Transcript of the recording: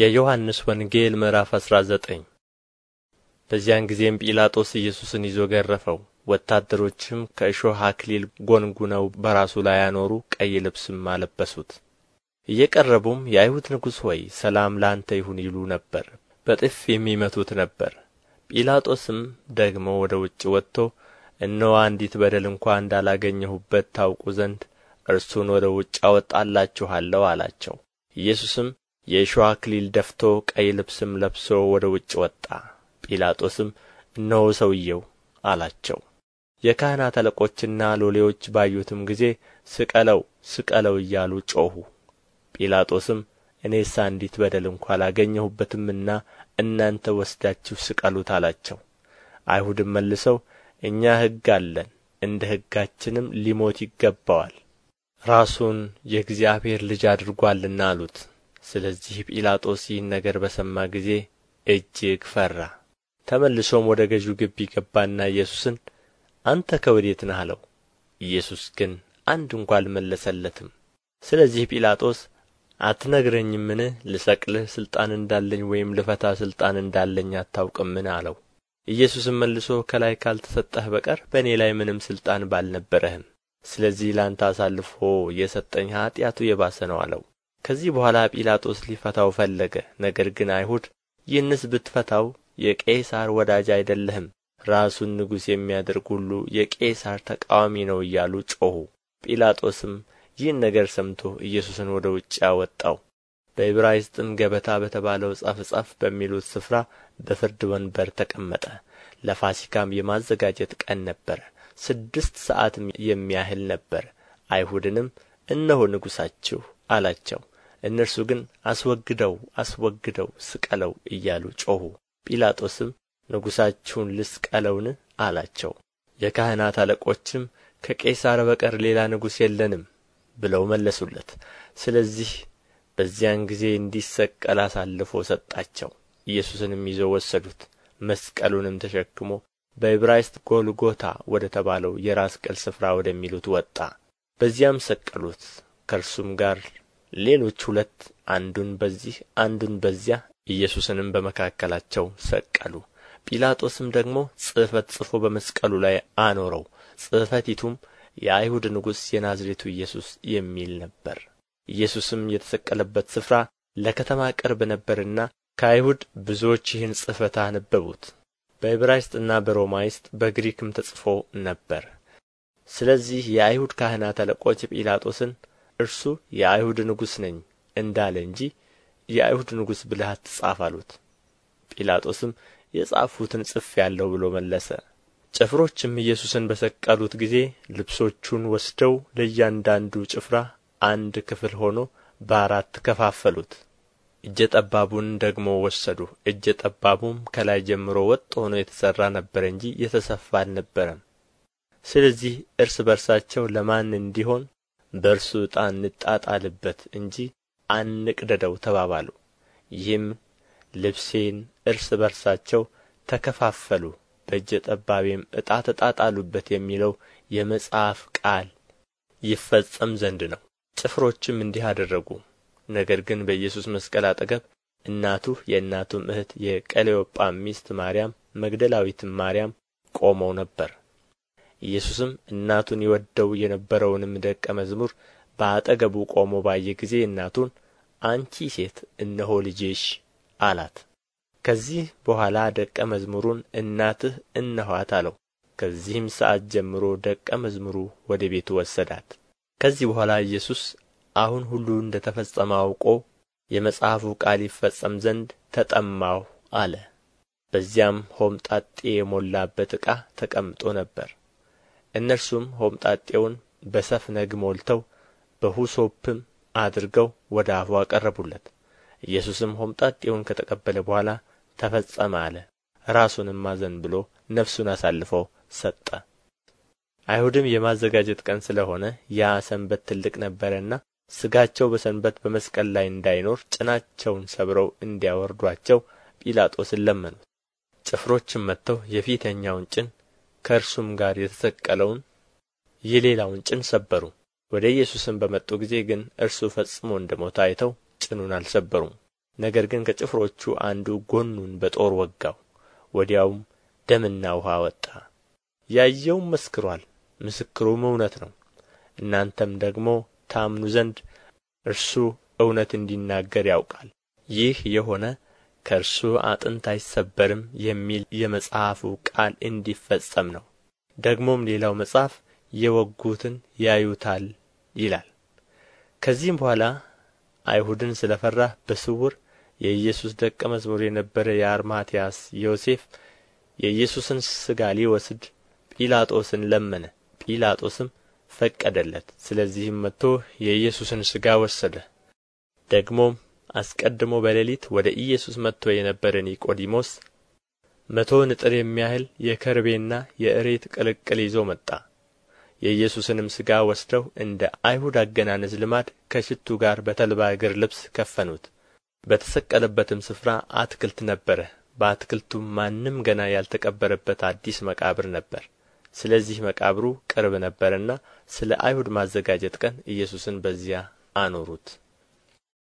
የዮሐንስ ወንጌል ምዕራፍ 19 በዚያን ጊዜም ጲላጦስ ኢየሱስን ይዞ ገረፈው። ወታደሮችም ከእሾህ አክሊል ጎንጉነው በራሱ ላይ አኖሩ፣ ቀይ ልብስም አለበሱት። እየቀረቡም የአይሁድ ንጉሥ ሆይ ሰላም ላንተ ይሁን ይሉ ነበር፣ በጥፍ የሚመቱት ነበር። ጲላጦስም ደግሞ ወደ ውጭ ወጥቶ እነሆ አንዲት በደል እንኳ እንዳላገኘሁበት ታውቁ ዘንድ እርሱን ወደ ውጭ አወጣላችኋለሁ አላቸው። ኢየሱስም የእሾህ አክሊል ደፍቶ ቀይ ልብስም ለብሶ ወደ ውጭ ወጣ ጲላጦስም እነሆ ሰውየው አላቸው የካህናት አለቆችና ሎሌዎች ባዩትም ጊዜ ስቀለው ስቀለው እያሉ ጮኹ ጲላጦስም እኔስ አንዲት በደል እንኳ አላገኘሁበትምና እናንተ ወስዳችሁ ስቀሉት አላቸው አይሁድም መልሰው እኛ ሕግ አለን እንደ ሕጋችንም ሊሞት ይገባዋል ራሱን የእግዚአብሔር ልጅ አድርጓልና አሉት ስለዚህ ጲላጦስ ይህን ነገር በሰማ ጊዜ እጅግ ፈራ ተመልሶም ወደ ገዡ ግቢ ገባና ኢየሱስን አንተ ከወዴት ነህ አለው ኢየሱስ ግን አንድ እንኳ አልመለሰለትም ስለዚህ ጲላጦስ አትነግረኝምን ልሰቅልህ ሥልጣን እንዳለኝ ወይም ልፈታ ሥልጣን እንዳለኝ አታውቅምን አለው ኢየሱስም መልሶ ከላይ ካልተሰጠህ በቀር በእኔ ላይ ምንም ሥልጣን ባልነበረህም ስለዚህ ላንተ አሳልፎ የሰጠኝ ኀጢአቱ የባሰ ነው አለው ከዚህ በኋላ ጲላጦስ ሊፈታው ፈለገ ነገር ግን አይሁድ ይህንስ ብትፈታው የቄሣር ወዳጅ አይደለህም ራሱን ንጉሥ የሚያደርግ ሁሉ የቄሣር ተቃዋሚ ነው እያሉ ጮኹ ጲላጦስም ይህን ነገር ሰምቶ ኢየሱስን ወደ ውጭ አወጣው በዕብራይስጥም ገበታ በተባለው ጸፍጸፍ በሚሉት ስፍራ በፍርድ ወንበር ተቀመጠ ለፋሲካም የማዘጋጀት ቀን ነበረ ስድስት ሰዓትም የሚያህል ነበር አይሁድንም እነሆ ንጉሣችሁ አላቸው እነርሱ ግን አስወግደው አስወግደው ስቀለው እያሉ ጮኹ ጲላጦስም ንጉሣችሁን ልስቀለውን አላቸው የካህናት አለቆችም ከቄሳር በቀር ሌላ ንጉሥ የለንም ብለው መለሱለት ስለዚህ በዚያን ጊዜ እንዲሰቀል አሳልፎ ሰጣቸው ኢየሱስንም ይዘው ወሰዱት መስቀሉንም ተሸክሞ በዕብራይስጥ ጎልጎታ ወደ ተባለው የራስ ቅል ስፍራ ወደሚሉት ወጣ በዚያም ሰቀሉት ከእርሱም ጋር ሌሎች ሁለት አንዱን በዚህ አንዱን በዚያ ኢየሱስንም በመካከላቸው ሰቀሉ ጲላጦስም ደግሞ ጽሕፈት ጽፎ በመስቀሉ ላይ አኖረው ጽሕፈቲቱም የአይሁድ ንጉሥ የናዝሬቱ ኢየሱስ የሚል ነበር ኢየሱስም የተሰቀለበት ስፍራ ለከተማ ቅርብ ነበርና ከአይሁድ ብዙዎች ይህን ጽሕፈት አነበቡት በዕብራይስጥና በሮማይስጥ በግሪክም ተጽፎ ነበር ስለዚህ የአይሁድ ካህናት አለቆች ጲላጦስን እርሱ የአይሁድ ንጉሥ ነኝ እንዳለ እንጂ የአይሁድ ንጉሥ ብለህ አትጻፍ አሉት ጲላጦስም ጽፍ ያለው ብሎ መለሰ ጭፍሮችም ኢየሱስን በሰቀሉት ጊዜ ልብሶቹን ወስደው ለእያንዳንዱ ጭፍራ አንድ ክፍል ሆኖ በአራት ከፋፈሉት እጀ ጠባቡን ደግሞ ወሰዱ እጀ ጠባቡም ከላይ ጀምሮ ወጥ ሆኖ የተሠራ ነበረ እንጂ የተሰፋ አልነበረም ስለዚህ እርስ በርሳቸው ለማን እንዲሆን በእርሱ ዕጣ እንጣጣልበት እንጂ አንቅደደው ተባባሉ ይህም ልብሴን እርስ በርሳቸው ተከፋፈሉ በእጀ ጠባቤም ዕጣ ተጣጣሉበት የሚለው የመጽሐፍ ቃል ይፈጸም ዘንድ ነው። ጭፍሮችም እንዲህ አደረጉ። ነገር ግን በኢየሱስ መስቀል አጠገብ እናቱ የእናቱም እህት የቀሌዮጳ ሚስት ማርያም፣ መግደላዊትም ማርያም ቆመው ነበር። ኢየሱስም እናቱን ይወደው የነበረውንም ደቀ መዝሙር በአጠገቡ ቆሞ ባየ ጊዜ እናቱን አንቺ ሴት እነሆ ልጅሽ አላት። ከዚህ በኋላ ደቀ መዝሙሩን እናትህ እነኋት አለው። ከዚህም ሰዓት ጀምሮ ደቀ መዝሙሩ ወደ ቤቱ ወሰዳት። ከዚህ በኋላ ኢየሱስ አሁን ሁሉ እንደ ተፈጸመ አውቆ የመጽሐፉ ቃል ይፈጸም ዘንድ ተጠማሁ አለ። በዚያም ሆምጣጤ የሞላበት ዕቃ ተቀምጦ ነበር። እነርሱም ሆምጣጤውን በሰፍነግ ሞልተው በሁሶፕም አድርገው ወደ አፉ አቀረቡለት ኢየሱስም ሆምጣጤውን ከተቀበለ በኋላ ተፈጸመ አለ ራሱንም ብሎ ነፍሱን አሳልፎ ሰጠ አይሁድም የማዘጋጀት ቀን ስለ ሆነ ያ ሰንበት ትልቅ ነበረና ሥጋቸው በሰንበት በመስቀል ላይ እንዳይኖር ጭናቸውን ሰብረው እንዲያወርዷቸው ጲላጦስን ለመኑት ጭፍሮችም መጥተው የፊተኛውን ጭን ከእርሱም ጋር የተሰቀለውን የሌላውን ጭን ሰበሩ። ወደ ኢየሱስም በመጡ ጊዜ ግን እርሱ ፈጽሞ እንደ ሞተ አይተው ጭኑን አልሰበሩም። ነገር ግን ከጭፍሮቹ አንዱ ጎኑን በጦር ወጋው፣ ወዲያውም ደምና ውኃ ወጣ። ያየውም መስክሯል፣ ምስክሩም እውነት ነው። እናንተም ደግሞ ታምኑ ዘንድ እርሱ እውነት እንዲናገር ያውቃል። ይህ የሆነ ከእርሱ አጥንት አይሰበርም የሚል የመጽሐፉ ቃል እንዲፈጸም ነው ደግሞም ሌላው መጽሐፍ የወጉትን ያዩታል ይላል ከዚህም በኋላ አይሁድን ስለ ፈራ በስውር የኢየሱስ ደቀ መዝሙር የነበረ የአርማትያስ ዮሴፍ የኢየሱስን ሥጋ ሊወስድ ጲላጦስን ለመነ። ጲላጦስም ፈቀደለት። ስለዚህም መጥቶ የኢየሱስን ሥጋ ወሰደ። ደግሞም አስቀድሞ በሌሊት ወደ ኢየሱስ መጥቶ የነበረ ኒቆዲሞስ መቶ ንጥር የሚያህል የከርቤና የእሬት ቅልቅል ይዞ መጣ። የኢየሱስንም ሥጋ ወስደው እንደ አይሁድ አገናነዝ ልማድ ከሽቱ ጋር በተልባ እግር ልብስ ከፈኑት። በተሰቀለበትም ስፍራ አትክልት ነበረ። በአትክልቱም ማንም ገና ያልተቀበረበት አዲስ መቃብር ነበር። ስለዚህ መቃብሩ ቅርብ ነበርና ስለ አይሁድ ማዘጋጀት ቀን ኢየሱስን በዚያ አኖሩት።